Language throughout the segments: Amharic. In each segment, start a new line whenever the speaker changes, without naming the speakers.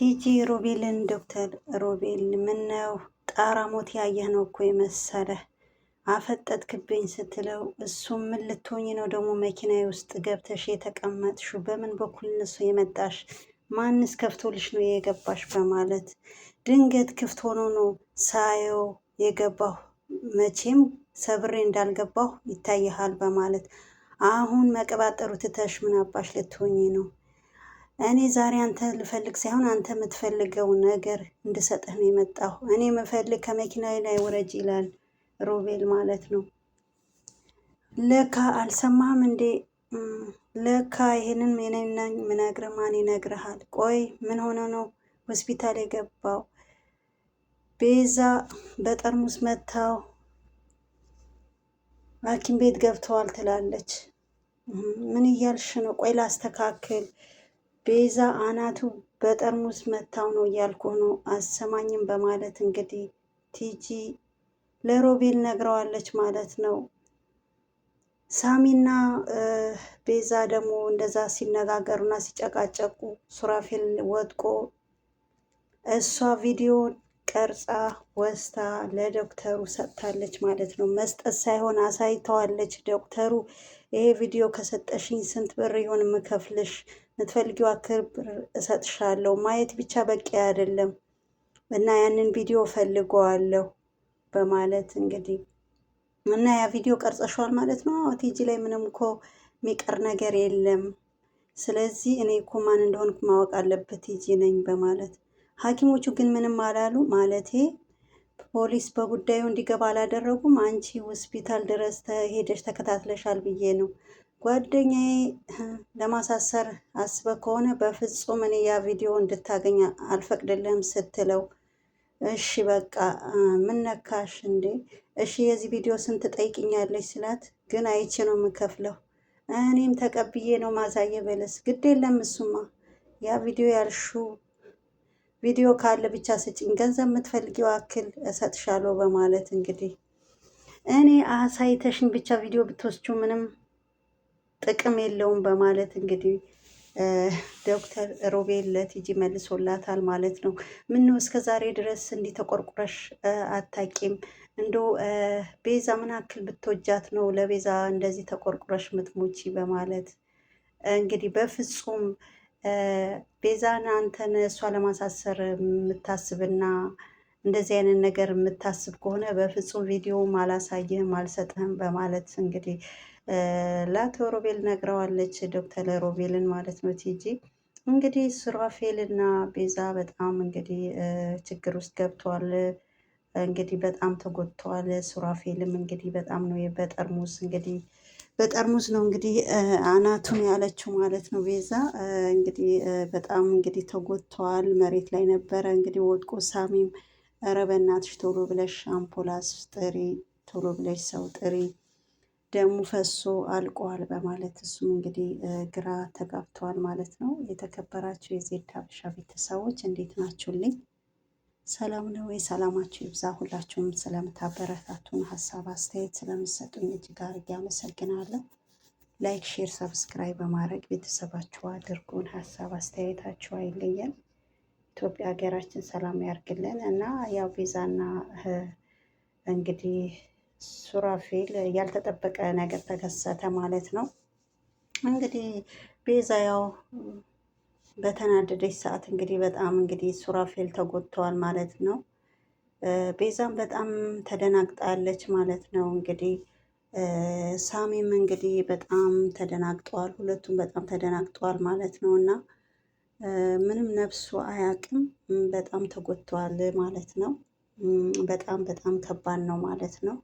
ቲጂ ሮቤልን ዶክተር ሮቤል ምነው ጣራ ሞት ያየህ ነው እኮ የመሰለህ ክብኝ ስትለው እሱም ምን ልትሆኝ ነው ደግሞ መኪና ውስጥ ገብተሽ የተቀመጥሹ በምን በኩል እሱ የመጣሽ ማንስ ከፍቶልሽ ነው የገባሽ በማለት ድንገት ክፍት ሆኖ ነው ሳየው የገባሁ መቼም ሰብሬ እንዳልገባሁ ይታይሃል በማለት አሁን መቀባጠሩ ትተሽ ምን አባሽ ልትሆኝ ነው እኔ ዛሬ አንተ ልፈልግ ሳይሆን አንተ የምትፈልገው ነገር እንድሰጥህ ነው የመጣሁ። እኔ መፈልግ ከመኪናዬ ላይ ውረጅ ይላል ሮቤል ማለት ነው። ለካ አልሰማህም እንዴ? ለካ ይሄንን የኔናኝ ምነግርህ ማን ይነግርሃል? ቆይ ምን ሆነ ነው ሆስፒታል የገባው? ቤዛ በጠርሙስ መታው ሐኪም ቤት ገብተዋል ትላለች። ምን እያልሽ ነው? ቆይ ላስተካክል ቤዛ አናቱ በጠርሙስ መታው ነው እያልኩ ነው አሰማኝም በማለት እንግዲህ ቲጂ ለሮቤል ነግረዋለች ማለት ነው። ሳሚና ቤዛ ደግሞ እንደዛ ሲነጋገሩና ሲጨቃጨቁ ሱራፌል ወጥቆ እሷ ቪዲዮ ቀርጻ ወስታ ለዶክተሩ ሰጥታለች ማለት ነው። መስጠት ሳይሆን አሳይተዋለች። ዶክተሩ ይሄ ቪዲዮ ከሰጠሽኝ ስንት ብር ይሆን ምከፍልሽ የምትፈልጊው ክብር እሰጥሻለሁ። ማየት ብቻ በቂ አይደለም እና ያንን ቪዲዮ ፈልገዋለሁ በማለት እንግዲህ እና ያ ቪዲዮ ቀርጸሸዋል ማለት ነው። ቲጂ ላይ ምንም እኮ የሚቀር ነገር የለም። ስለዚህ እኔ እኮ ማን እንደሆንኩ ማወቅ አለበት ቲጂ ነኝ በማለት ሐኪሞቹ ግን ምንም አላሉ። ማለቴ ፖሊስ በጉዳዩ እንዲገባ አላደረጉም። አንቺ ሆስፒታል ድረስ ተሄደሽ ተከታትለሻል ብዬ ነው ጓደኛዬ ለማሳሰር አስበ ከሆነ በፍጹም እኔ ያ ቪዲዮ እንድታገኝ አልፈቅድልህም ስትለው፣ እሺ በቃ ምን ነካሽ እንዴ? እሺ የዚህ ቪዲዮ ስንት ጠይቅኛለች ስላት፣ ግን አይቼ ነው የምከፍለው እኔም ተቀብዬ ነው ማሳየ በለስ ግድ የለም እሱማ ያ ቪዲዮ ያልሹ ቪዲዮ ካለ ብቻ ስጭኝ፣ ገንዘብ የምትፈልጊው አክል እሰጥሻለሁ በማለት እንግዲህ እኔ አሳይተሽኝ ብቻ ቪዲዮ ብትወስጁ ምንም ጥቅም የለውም በማለት እንግዲህ ዶክተር ሮቤል ለቲጂ መልሶላታል ማለት ነው። ምነው እስከ ዛሬ ድረስ እንዲህ ተቆርቁረሽ አታቂም? እንዶ ቤዛ ምን አክል ብትወጃት ነው ለቤዛ እንደዚህ ተቆርቁረሽ ምትሞቺ? በማለት እንግዲህ በፍጹም ቤዛን አንተን እሷ ለማሳሰር የምታስብና እንደዚህ አይነት ነገር የምታስብ ከሆነ በፍጹም ቪዲዮ አላሳይህም፣ አልሰጥህም በማለት እንግዲህ ለአቶ ሮቤል ነግረዋለች። ዶክተር ሮቤልን ማለት ነው ቲጂ እንግዲህ ሱራፌልና ቤዛ በጣም እንግዲህ ችግር ውስጥ ገብተዋል። እንግዲህ በጣም ተጎድተዋል። ሱራፌልም እንግዲህ በጣም ነው በጠርሙስ እንግዲህ በጠርሙስ ነው እንግዲህ አናቱን ያለችው ማለት ነው ቤዛ እንግዲህ በጣም እንግዲህ ተጎድተዋል። መሬት ላይ ነበረ እንግዲህ ወድቆ ሳሚም ኧረ በእናትሽ ቶሎ ብለሽ አምፖላስ ጥሪ፣ ቶሎ ብለሽ ሰው ጥሪ፣ ደሙ ፈሶ አልቋል በማለት እሱም እንግዲህ ግራ ተጋብተዋል ማለት ነው። የተከበራችሁ የዜድ ሀበሻ ቤተሰቦች እንዴት ናችሁልኝ? ሰላም ነው ወይ? ሰላማችሁ ይብዛ። ሁላችሁም ስለምታበረታቱን ሀሳብ አስተያየት ስለምሰጡኝ እጅግ አድርጌ አመሰግናለሁ። ላይክ፣ ሼር፣ ሰብስክራይብ በማድረግ ቤተሰባችሁ አድርጉን። ሀሳብ አስተያየታችሁ አይለየን። ኢትዮጵያ ሀገራችን ሰላም ያርግልን እና ያው ቤዛና እንግዲህ ሱራፌል ያልተጠበቀ ነገር ተከሰተ ማለት ነው። እንግዲህ ቤዛ ያው በተናደደች ሰዓት እንግዲህ በጣም እንግዲህ ሱራፌል ተጎድተዋል ማለት ነው። ቤዛም በጣም ተደናግጣለች ማለት ነው። እንግዲህ ሳሚም እንግዲህ በጣም ተደናግጠዋል። ሁለቱም በጣም ተደናግጠዋል ማለት ነው እና ምንም ነፍሱ አያውቅም። በጣም ተጎድቷል ማለት ነው። በጣም በጣም ከባድ ነው ማለት ነው።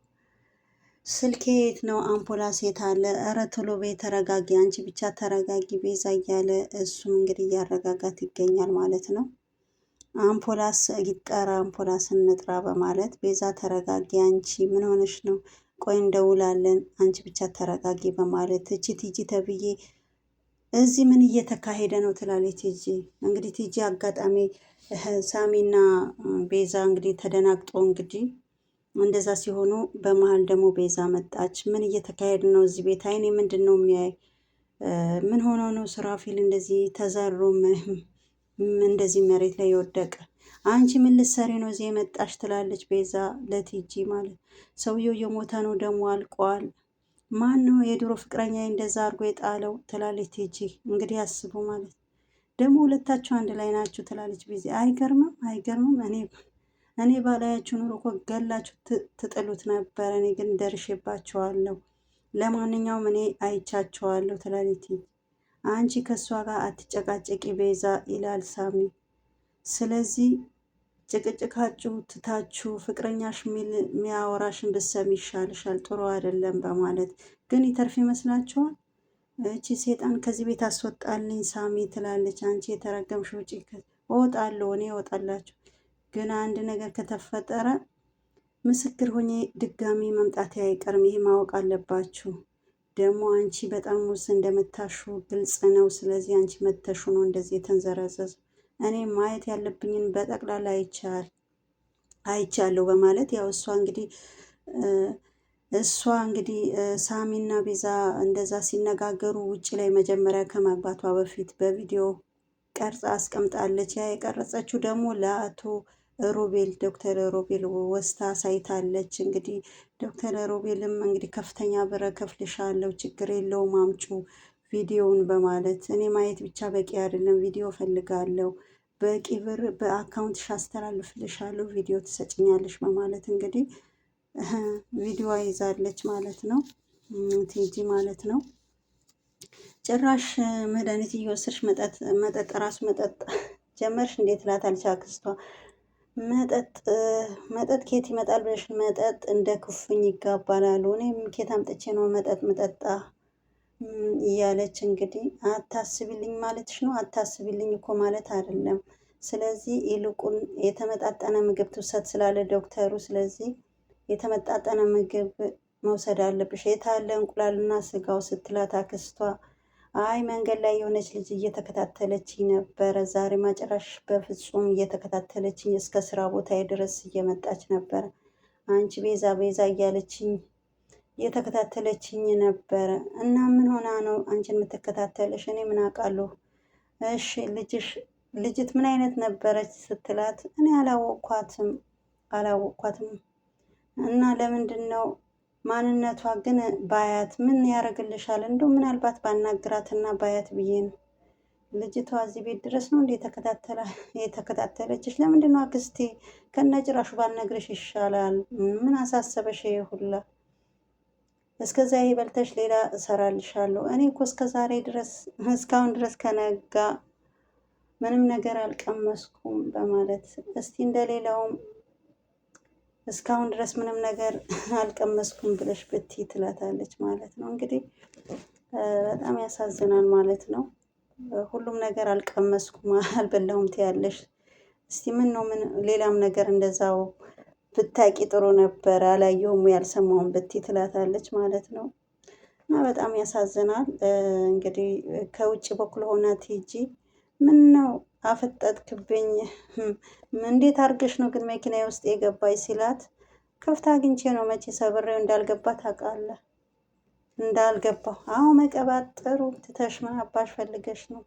ስልኬ የት ነው? አምፖላ ሴት አለ? እረ ቶሎ በይ ተረጋጊ፣ አንቺ ብቻ ተረጋጊ ቤዛ እያለ እሱም እንግዲህ እያረጋጋት ይገኛል ማለት ነው። አምፖላስ ይጠራ፣ አምፖላስ እንጥራ በማለት ቤዛ ተረጋጊ፣ አንቺ ምን ሆነሽ ነው? ቆይ እንደውላለን፣ አንቺ ብቻ ተረጋጊ በማለት እቺ ትጂ ተብዬ እዚህ ምን እየተካሄደ ነው ትላለች ቲጂ። እንግዲህ ቲጂ አጋጣሚ ሳሚና ቤዛ እንግዲህ ተደናግጦ እንግዲህ እንደዛ ሲሆኑ በመሀል ደግሞ ቤዛ መጣች። ምን እየተካሄድ ነው እዚህ ቤት? አይኔ ምንድን ነው የሚያይ? ምን ሆኖ ነው ስራፊል እንደዚህ ተዘሮ እንደዚህ መሬት ላይ የወደቀ አንቺ ምን ልትሰሪ ነው እዚህ የመጣሽ? ትላለች ቤዛ ለቲጂ ማለት ሰውየው የሞተ ነው ደግሞ አልቋል። ማን ነው የድሮ ፍቅረኛ እንደዛ አድርጎ የጣለው ትላለች ቲጂ። እንግዲህ አስቡ ማለት ደግሞ ሁለታችሁ አንድ ላይ ናችሁ ትላለች ቢዚ። አይገርምም? አይገርምም? እኔ እኔ ባላያችሁ ኑሮ እኮ ገላችሁ ትጥሉት ነበር። እኔ ግን ደርሼባቸዋለሁ። ለማንኛውም እኔ አይቻቸዋለሁ ትላለች ቲጂ። አንቺ ከእሷ ጋር አትጨቃጨቂ ቤዛ ይላል ሳሚ። ስለዚህ ጭቅጭቃችሁ ትታችሁ ፍቅረኛሽ ሚያወራሽን ብትሰሚ ይሻልሻል፣ ጥሩ አይደለም በማለት ግን ይተርፍ ይመስላችኋል? እቺ ሴጣን ከዚህ ቤት አስወጣልኝ ሳሚ ትላለች። አንቺ የተረገምሽ ውጪ፣ እወጣለሁ እኔ እወጣላችሁ። ግን አንድ ነገር ከተፈጠረ ምስክር ሆኜ ድጋሚ መምጣት አይቀርም። ይሄ ማወቅ አለባችሁ። ደግሞ አንቺ በጣም እንደምታሹ ግልጽ ነው። ስለዚህ አንቺ መተሹ ነው እንደዚህ የተንዘረዘዝ እኔ ማየት ያለብኝን በጠቅላላ አይቻል አይቻለሁ በማለት ያው እሷ እንግዲህ እሷ እንግዲህ ሳሚና ቤዛ እንደዛ ሲነጋገሩ ውጭ ላይ መጀመሪያ ከመግባቷ በፊት በቪዲዮ ቀርጻ አስቀምጣለች። ያ የቀረጸችው ደግሞ ለአቶ ሮቤል ዶክተር ሮቤል ወስታ ሳይታለች። እንግዲህ ዶክተር ሮቤልም እንግዲህ ከፍተኛ ብር እከፍልሻለሁ፣ ችግር የለውም አምጩ ቪዲዮውን በማለት እኔ ማየት ብቻ በቂ አይደለም፣ ቪዲዮ ፈልጋለሁ፣ በቂ ብር በአካውንትሽ አስተላልፍልሻለሁ፣ ቪዲዮ ትሰጭኛለሽ በማለት እንግዲህ ቪዲዮ ይዛለች ማለት ነው፣ ቲጂ ማለት ነው። ጭራሽ መድኃኒት እየወሰድሽ መጠጥ ራሱ መጠጥ ጀመርሽ እንዴት ላታልቻ አክስቷ መጠጥ መጠጥ ኬት ይመጣል ብለሽ መጠጥ እንደ ክፍኝ ይጋባላሉ። እኔም ኬት አምጥቼ ነው መጠጥ መጠጣ እያለች እንግዲህ አታስቢልኝ ማለትሽ ነው። አታስቢልኝ እኮ ማለት አይደለም። ስለዚህ ይልቁን የተመጣጠነ ምግብ ትውሰድ ስላለ ዶክተሩ፣ ስለዚህ የተመጣጠነ ምግብ መውሰድ አለብሽ። የታለ እንቁላልና ስጋው ስትላት አክስቷ አይ መንገድ ላይ የሆነች ልጅ እየተከታተለችኝ ነበረ ዛሬ ማጨራሽ በፍጹም እየተከታተለችኝ እስከ ስራ ቦታ ድረስ እየመጣች ነበረ። አንቺ ቤዛ ቤዛ እያለችኝ የተከታተለችኝ ነበረ እና ምን ሆና ነው አንቺን የምትከታተልሽ? እኔ ምን አውቃለሁ። እሺ ልጅሽ ልጅት ምን አይነት ነበረች ስትላት፣ እኔ አላወቅኳትም አላወቅኳትም። እና ለምንድን ነው ማንነቷ ግን ባያት ምን ያደርግልሻል? እንደው ምናልባት ባናግራትና ባያት ብዬ ነው። ልጅቷ እዚህ ቤት ድረስ ነው እንዴ የተከታተለችሽ? ለምንድን ነው አክስቴ ከነጭራሹ ባልነግርሽ ይሻላል። ምን አሳሰበሽ? ሁላ እስከዛ ይበልተሽ ሌላ እሰራልሻለሁ። እኔ እኮ እስከ ዛሬ ድረስ እስካሁን ድረስ ከነጋ ምንም ነገር አልቀመስኩም በማለት እስቲ እንደሌላውም እስካሁን ድረስ ምንም ነገር አልቀመስኩም ብለሽ ብቲ ትላታለች ማለት ነው። እንግዲህ በጣም ያሳዝናል ማለት ነው። ሁሉም ነገር አልቀመስኩም አልበላሁም ትያለሽ። እስቲ ምን ነው ምን ሌላም ነገር እንደዛው ብታቂ ጥሩ ነበር አላየሁም ያልሰማውን ብቲ ትላታለች ማለት ነው። እና በጣም ያሳዝናል። እንግዲህ ከውጭ በኩል ሆና ቲጂ ምን ነው አፈጠጥክብኝ፣ እንዴት አድርገሽ ነው ግን መኪና ውስጥ የገባች ሲላት፣ ከፍታ አግኝቼ ነው መቼ ሰብሬው እንዳልገባ ታውቃለህ፣ እንዳልገባ አሁ ጥሩ ትተሽ ምን አባሽ ፈልገሽ ነው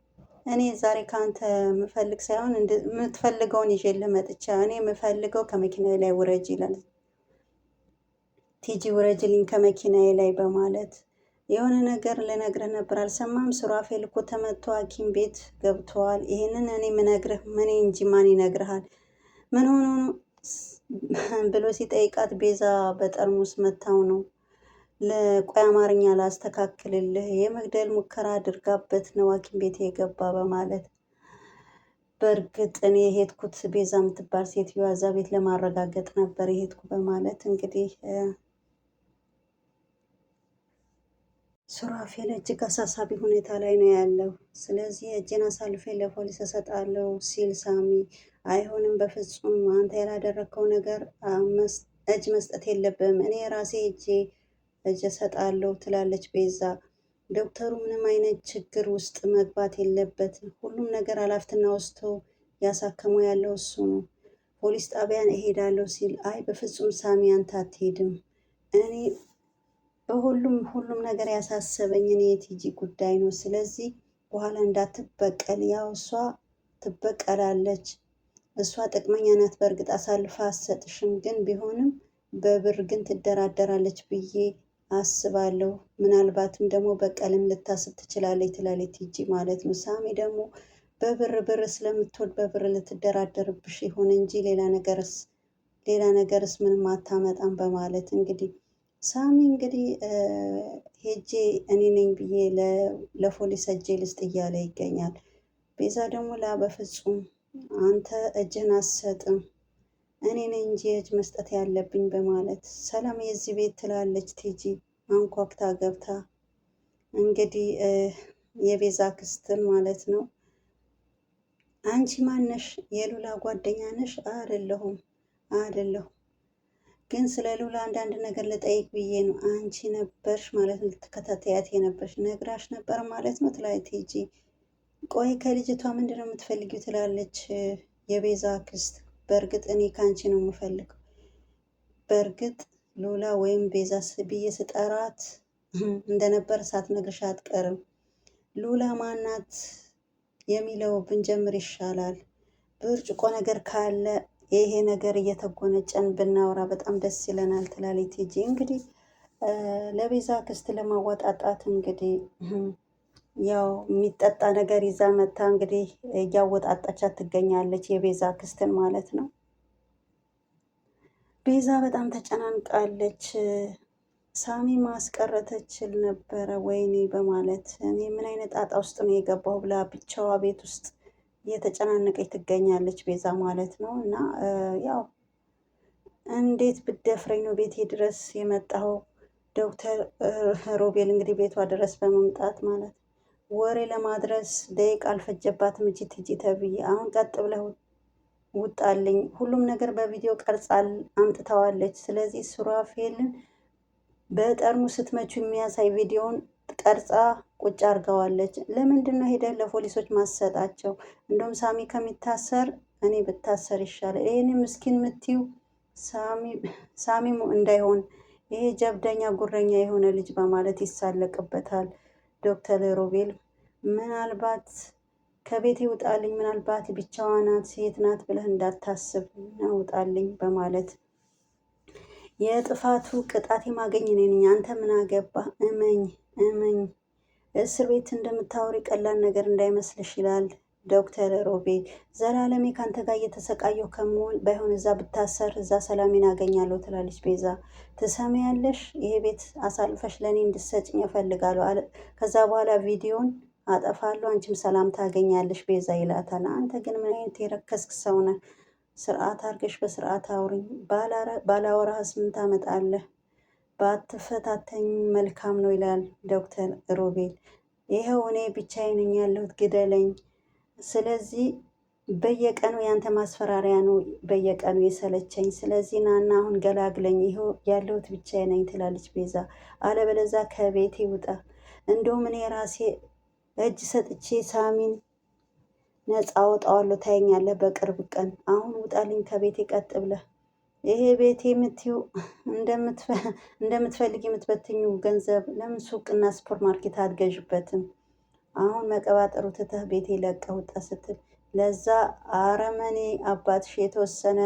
እኔ ዛሬ ከአንተ የምፈልግ ሳይሆን የምትፈልገውን ይዤልህ መጥቻ እኔ የምፈልገው ከመኪናዬ ላይ ውረጅ ይላል። ቲጂ ውረጅልኝ ከመኪናዬ ላይ በማለት የሆነ ነገር ልነግርህ ነበር አልሰማም። ሱራፌል እኮ ተመቶ ሐኪም ቤት ገብተዋል። ይህንን እኔ ምነግርህ ምን እንጂ ማን ይነግርሃል? ምን ሆኖ ብሎ ሲጠይቃት ቤዛ በጠርሙስ መታው ነው ለቆይ አማርኛ ላስተካክልልህ የመግደል ሙከራ አድርጋበት ነው ሐኪም ቤት የገባ በማለት በእርግጥ እኔ የሄድኩት ቤዛ የምትባል ሴትዮ እዛ ቤት ለማረጋገጥ ነበር የሄድኩ በማለት እንግዲህ ሱራፌል እጅግ አሳሳቢ ሁኔታ ላይ ነው ያለው። ስለዚህ እጄን አሳልፌ ለፖሊስ እሰጣለሁ ሲል ሳሚ አይሆንም፣ በፍጹም አንተ ያላደረግከው ነገር እጅ መስጠት የለብም እኔ ራሴ እጄ እጅ እሰጣለሁ ትላለች ቤዛ። ዶክተሩ ምንም አይነት ችግር ውስጥ መግባት የለበትም። ሁሉም ነገር አላፍትና ወስቶ ያሳከመው ያለው እሱ ነው። ፖሊስ ጣቢያን እሄዳለሁ ሲል አይ በፍጹም ሳሚ አንተ አትሄድም። እኔ በሁሉም ሁሉም ነገር ያሳሰበኝ እኔ የቲጂ ጉዳይ ነው። ስለዚህ በኋላ እንዳትበቀል፣ ያው እሷ ትበቀላለች። እሷ ጥቅመኛ ናት። በእርግጥ አሳልፋ አትሰጥሽም፣ ግን ቢሆንም በብር ግን ትደራደራለች ብዬ አስባለሁ። ምናልባትም ደግሞ በቀልም ልታስብ ትችላለች ትላለች ቲጂ ማለት ነው። ሳሚ ደግሞ በብር ብር ስለምትወድ በብር ልትደራደርብሽ ይሆን እንጂ ሌላ ነገርስ ሌላ ነገርስ ምንም አታመጣም በማለት እንግዲህ ሳሚ እንግዲህ ሄጄ እኔ ነኝ ብዬ ለፖሊስ እጄ ልስጥ እያለ ይገኛል። ቤዛ ደግሞ ላ በፍጹም አንተ እጅህን አትሰጥም እኔ ነኝ እንጂ እጅ መስጠት ያለብኝ በማለት ሰላም የዚህ ቤት ትላለች። ቲጂ አንኳክታ ገብታ እንግዲህ የቤዛ ክስትን ማለት ነው። አንቺ ማነሽ? የሉላ ጓደኛ ነሽ? አይደለሁም አይደለሁም፣ ግን ስለ ሉላ አንዳንድ ነገር ልጠይቅ ብዬ ነው። አንቺ ነበርሽ ማለት ነው ልትከታተያት የነበርሽ ነግራሽ ነበር ማለት ነው ትላለች ቲጂ። ቆይ ከልጅቷ ምንድን ነው የምትፈልጊው? ትላለች የቤዛ ክስት በእርግጥ እኔ ከአንቺ ነው የምፈልገው። በእርግጥ ሉላ ወይም ቤዛ ብዬ ስጠራት እንደነበር ሳትነግርሽ አትቀርም። ሉላ ማናት የሚለው ብንጀምር ይሻላል። ብርጭቆ ነገር ካለ ይሄ ነገር እየተጎነጨን ብናወራ በጣም ደስ ይለናል ትላለች ቲጂ። እንግዲህ ለቤዛ ክስት ለማወጣጣት እንግዲህ ያው የሚጠጣ ነገር ይዛ መታ እንግዲህ እያወጣጣቻ ትገኛለች። የቤዛ ክስትን ማለት ነው። ቤዛ በጣም ተጨናንቃለች። ሳሚ ማስቀረተችል ነበረ ወይኔ በማለት እኔ ምን አይነት ጣጣ ውስጥ ነው የገባው ብላ ብቻዋ ቤት ውስጥ እየተጨናነቀች ትገኛለች ቤዛ ማለት ነው። እና ያው እንዴት ብደፍረኝ ነው ቤቴ ድረስ የመጣው ዶክተር ሮቤል እንግዲህ ቤቷ ድረስ በመምጣት ማለት ነው ወሬ ለማድረስ ደቂቃ አልፈጀባትም። እጅ ትጂ ተብዬ አሁን ቀጥ ብለህ ውጣልኝ። ሁሉም ነገር በቪዲዮ ቀርጻ አምጥተዋለች። ስለዚህ ሱራፌልን በጠርሙስ ስትመቹ የሚያሳይ ቪዲዮን ቀርጻ ቁጭ አርገዋለች። ለምንድን ነው ሄደህ ለፖሊሶች ማሰጣቸው? እንደውም ሳሚ ከሚታሰር እኔ ብታሰር ይሻላል። ይህን ምስኪን ምትው ሳሚ እንዳይሆን ይሄ ጀብደኛ ጉረኛ የሆነ ልጅ በማለት ይሳለቅበታል። ዶክተር ሮቤል ምናልባት ከቤት ይውጣልኝ፣ ምናልባት ብቻዋ ናት ሴት ናት ብለህ እንዳታስብ ነውጣልኝ በማለት የጥፋቱ ቅጣት የማገኝ ነኝ። አንተ ምን አገባ? እመኝ እመኝ፣ እስር ቤት እንደምታወሪ ቀላል ነገር እንዳይመስልሽ ይላል። ዶክተር ሮቤል ዘላለሜ ካንተ ጋር እየተሰቃየሁ ከመሆን ባይሆን እዛ ብታሰር እዛ ሰላሜን አገኛለሁ ትላለች ቤዛ። ትሰሚያለሽ? ይሄ ቤት አሳልፈሽ ለእኔ እንድሰጭኝ እፈልጋለሁ። ከዛ በኋላ ቪዲዮን አጠፋለሁ፣ አንቺም ሰላም ታገኛለሽ ቤዛ ይላታል። አንተ ግን ምን አይነት የረከስክ ሰው ነህ? ስርዓት አድርገሽ በስርዓት አውሪኝ። ባላወራህስ ምን ታመጣለህ? ባትፈታተኝ መልካም ነው ይላል ዶክተር ሮቤል። ይኸው እኔ ብቻዬን ነኝ ያለሁት፣ ግደለኝ ስለዚህ በየቀኑ ያንተ ማስፈራሪያ ነው በየቀኑ የሰለቸኝ። ስለዚህ ናና አሁን ገላግለኝ፣ ይኸው ያለሁት ብቻዬ ነኝ ትላለች ቤዛ። አለበለዛ ከቤቴ ውጣ፣ እንደውም እኔ ራሴ እጅ ሰጥቼ ሳሚን ነፃ አወጣዋለሁ፣ ታየኛለህ በቅርብ ቀን። አሁን ውጣልኝ ከቤቴ ቀጥ ብለህ። ይሄ ቤቴ የምትይው እንደምትፈልግ የምትበትኙ ገንዘብ ለምን ሱቅና ሱፐር ማርኬት አትገዥበትም? አሁን መቀባጠሩ ትተህ ቤቴ ለቀህ ውጣ ስትል ለዛ አረመኔ አባትሽ የተወሰነ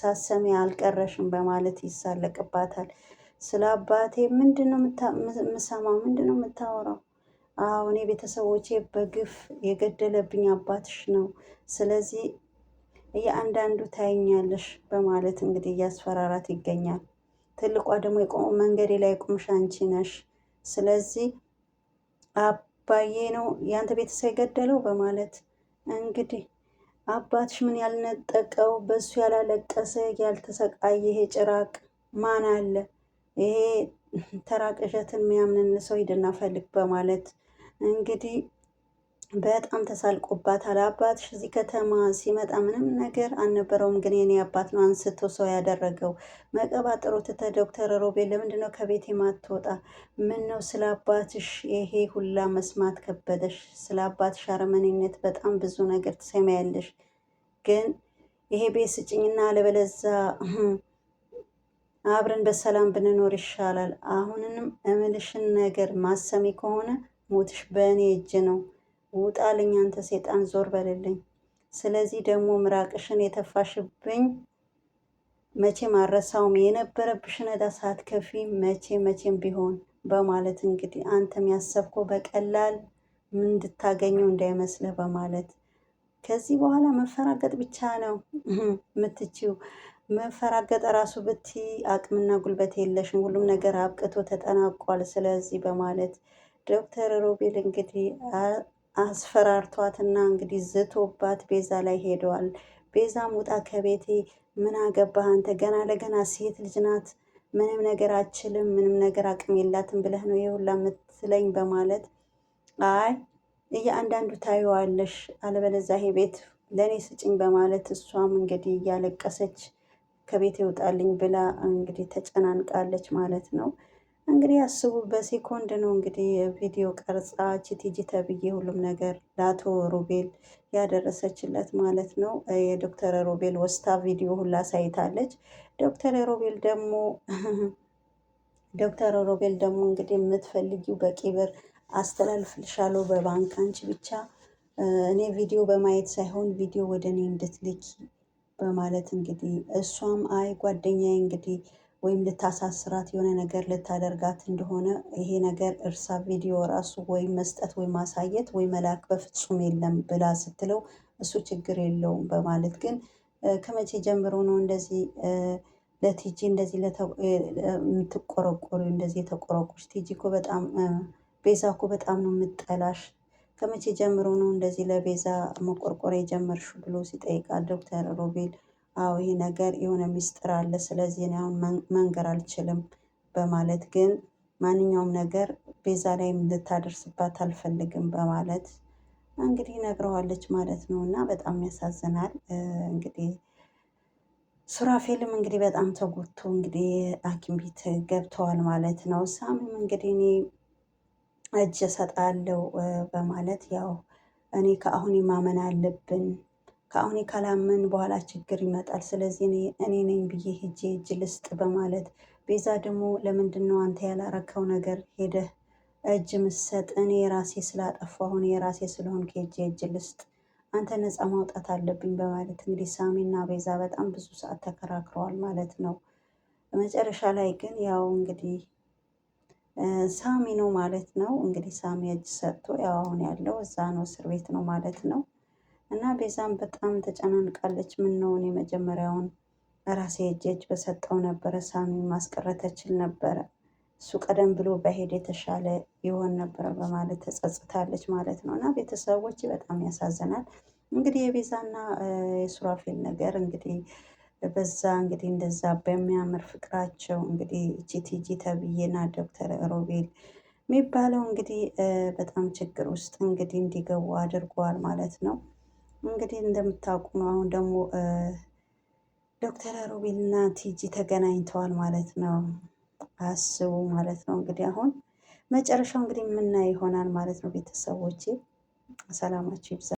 ሳሰሚ አልቀረሽም በማለት ይሳለቅባታል። ስለ አባቴ ምንድን ነው የምሰማው? ምንድን ነው የምታወራው? አዎ እኔ ቤተሰቦቼ በግፍ የገደለብኝ አባትሽ ነው። ስለዚህ እያንዳንዱ ታይኛለሽ በማለት እንግዲህ እያስፈራራት ይገኛል። ትልቋ ደግሞ መንገዴ ላይ የቆምሽ አንቺ ነሽ። ስለዚህ ባዬ ነው ያንተ ቤተሰብ የገደለው በማለት እንግዲህ አባትሽ ምን ያልነጠቀው በሱ ያላለቀሰ ያልተሰቃየ ይሄ ጭራቅ ማን አለ? ይሄ ተራ ቅዠትን የሚያምንን ሰው ሂድና ፈልግ በማለት እንግዲህ በጣም ተሳልቆባታል። አባትሽ እዚህ ከተማ ሲመጣ ምንም ነገር አልነበረውም፣ ግን የኔ አባት ነው አንስቶ ሰው ያደረገው። መቀባጠሩ ትተ ዶክተር ሮቤ ለምንድን ነው ከቤት የማትወጣ? ምን ነው ስለ አባትሽ ይሄ ሁላ መስማት ከበደሽ? ስለ አባትሽ አረመኔነት በጣም ብዙ ነገር ትሰማያለሽ፣ ግን ይሄ ቤት ስጭኝና አለበለዛ አብረን በሰላም ብንኖር ይሻላል። አሁንንም እምልሽን ነገር ማሰሚ ከሆነ ሞትሽ በእኔ እጅ ነው። ውጣልኝ አንተ ሴጣን ዞር በልልኝ። ስለዚህ ደግሞ ምራቅሽን የተፋሽብኝ መቼም አረሳውም። የነበረብሽን ዕዳ ሳትከፊ መቼ መቼም ቢሆን በማለት እንግዲህ አንተም ያሰብከው በቀላል ምን እንድታገኘው እንዳይመስልህ በማለት ከዚህ በኋላ መፈራገጥ ብቻ ነው የምትችው። መፈራገጥ ራሱ ብቲ አቅምና ጉልበት የለሽም። ሁሉም ነገር አብቅቶ ተጠናቋል። ስለዚህ በማለት ዶክተር ሮቤል እንግዲህ አስፈራርቷትና እንግዲህ ዝቶባት ቤዛ ላይ ሄደዋል። ቤዛም ውጣ ከቤቴ ምን አገባህ አንተ ገና ለገና ሴት ልጅ ናት፣ ምንም ነገር አችልም፣ ምንም ነገር አቅም የላትም ብለህ ነው የሁላ የምትለኝ በማለት አይ እያንዳንዱ ታየዋለሽ፣ አለበለዚያ ይሄ ቤት ለእኔ ስጭኝ በማለት እሷም እንግዲህ እያለቀሰች ከቤት ይውጣልኝ ብላ እንግዲህ ተጨናንቃለች ማለት ነው። እንግዲህ አስቡ፣ በሴኮንድ ነው እንግዲህ ቪዲዮ ቀርጻ ቺቲጂ ተብዬ ሁሉም ነገር ለአቶ ሮቤል ያደረሰችለት ማለት ነው። የዶክተር ሮቤል ወስታ ቪዲዮ ሁላ ሳይታለች። ዶክተር ሮቤል ደግሞ ዶክተር ሮቤል ደግሞ እንግዲህ የምትፈልጊው በቂ ብር አስተላልፍልሻለሁ በባንክ አንቺ ብቻ እኔ ቪዲዮ በማየት ሳይሆን ቪዲዮ ወደ እኔ እንድትልኪ በማለት እንግዲህ እሷም አይ ጓደኛዬ እንግዲህ ወይም ልታሳስራት የሆነ ነገር ልታደርጋት እንደሆነ ይሄ ነገር እርሳ ቪዲዮ ራሱ ወይም መስጠት ወይም ማሳየት ወይ መላክ በፍጹም የለም ብላ ስትለው እሱ ችግር የለውም በማለት ግን ከመቼ ጀምሮ ነው እንደዚህ ለቲጂ እንደዚህ የምትቆረቆሪ እንደዚህ የተቆረቆች? ቲጂ እኮ በጣም ቤዛ እኮ በጣም ነው የምጠላሽ። ከመቼ ጀምሮ ነው እንደዚህ ለቤዛ መቆርቆር የጀመርሽ ብሎ ሲጠይቃት ዶክተር ሮቤል አዎ ይህ ነገር የሆነ ሚስጥር አለ ስለዚህ እኔ አሁን መንገር አልችልም በማለት ግን ማንኛውም ነገር ቤዛ ላይ ልታደርስባት አልፈልግም በማለት እንግዲህ ነግረዋለች ማለት ነው። እና በጣም ያሳዝናል። እንግዲህ ሱራፌልም እንግዲህ በጣም ተጎድቶ እንግዲህ ሐኪም ቤት ገብተዋል ማለት ነው። ሳምም እንግዲህ እኔ እጅ እሰጣለሁ በማለት ያው እኔ ከአሁን ማመን አለብን ከአሁን ካላመን በኋላ ችግር ይመጣል። ስለዚህ እኔ ነኝ ብዬ ሄጄ እጅ ልስጥ በማለት ቤዛ ደግሞ ለምንድን ነው አንተ ያላረከው ነገር ሄደህ እጅ ምሰጥ? እኔ የራሴ ስላጠፋ አሁን የራሴ ስለሆን ሄጄ እጅ ልስጥ፣ አንተ ነፃ ማውጣት አለብኝ በማለት እንግዲህ ሳሚና ቤዛ በጣም ብዙ ሰዓት ተከራክረዋል ማለት ነው። መጨረሻ ላይ ግን ያው እንግዲህ ሳሚ ነው ማለት ነው እንግዲህ ሳሚ እጅ ሰጥቶ ያው አሁን ያለው እዛ ነው እስር ቤት ነው ማለት ነው። እና ቤዛም በጣም ተጨናንቃለች። ምን ነው እኔ መጀመሪያውን ራሴ እጅ እጅ በሰጠው ነበረ ሳሚ ማስቀረተችል ነበረ እሱ ቀደም ብሎ በሄድ የተሻለ ይሆን ነበረ በማለት ተጸጽታለች ማለት ነው። እና ቤተሰቦች በጣም ያሳዝናል። እንግዲህ የቤዛና የሱራፌል ነገር እንግዲህ በዛ እንግዲህ እንደዛ በሚያምር ፍቅራቸው እንግዲህ ጂቲጂ ተብዬና ዶክተር ሮቤል የሚባለው እንግዲህ በጣም ችግር ውስጥ እንግዲህ እንዲገቡ አድርጓል ማለት ነው። እንግዲህ እንደምታውቁ ነው። አሁን ደግሞ ዶክተር ሮቤል እና ቲጂ ተገናኝተዋል ማለት ነው። አስቡ ማለት ነው። እንግዲህ አሁን መጨረሻው እንግዲህ የምናየው ይሆናል ማለት ነው። ቤተሰቦቼ ሰላማችሁ ይብዛ።